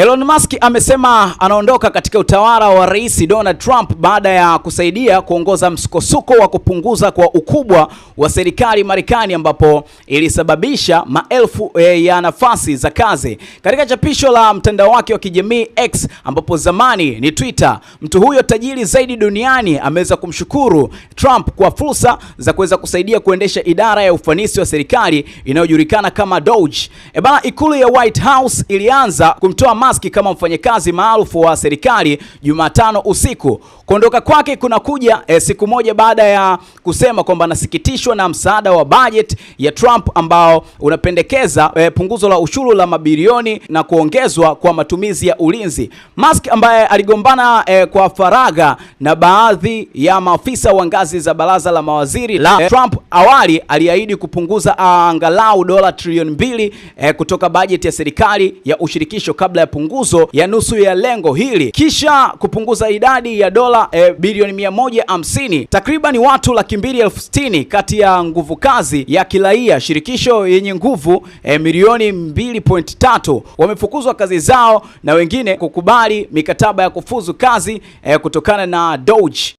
Elon Musk amesema anaondoka katika utawala wa Rais Donald Trump baada ya kusaidia kuongoza msukosuko wa kupunguza kwa ukubwa wa serikali Marekani ambapo ilisababisha maelfu e, ya nafasi za kazi. Katika chapisho la mtandao wake wa kijamii X ambapo zamani ni Twitter, mtu huyo tajiri zaidi duniani ameweza kumshukuru Trump kwa fursa za kuweza kusaidia kuendesha idara ya ufanisi wa serikali inayojulikana kama Doge. E ikulu ya White House ilianza kumtoa Musk kama mfanyakazi maarufu wa serikali Jumatano usiku. Kuondoka kwake kunakuja e, siku moja baada ya kusema kwamba anasikitishwa na msaada wa bajeti ya Trump ambao unapendekeza e, punguzo la ushuru la mabilioni na kuongezwa kwa matumizi ya ulinzi. Musk ambaye aligombana e, kwa faragha na baadhi ya maafisa wa ngazi za baraza la mawaziri la e, Trump awali aliahidi kupunguza angalau dola trilioni mbili e, kutoka bajeti ya serikali ya ushirikisho kabla ya punguzo ya nusu ya lengo hili kisha kupunguza idadi ya dola e, bilioni 150 takriban watu laki mbili elfu sitini kati ya nguvu kazi ya kiraia shirikisho yenye nguvu e, milioni 2.3 wamefukuzwa kazi zao na wengine kukubali mikataba ya kufuzu kazi e, kutokana na Doge.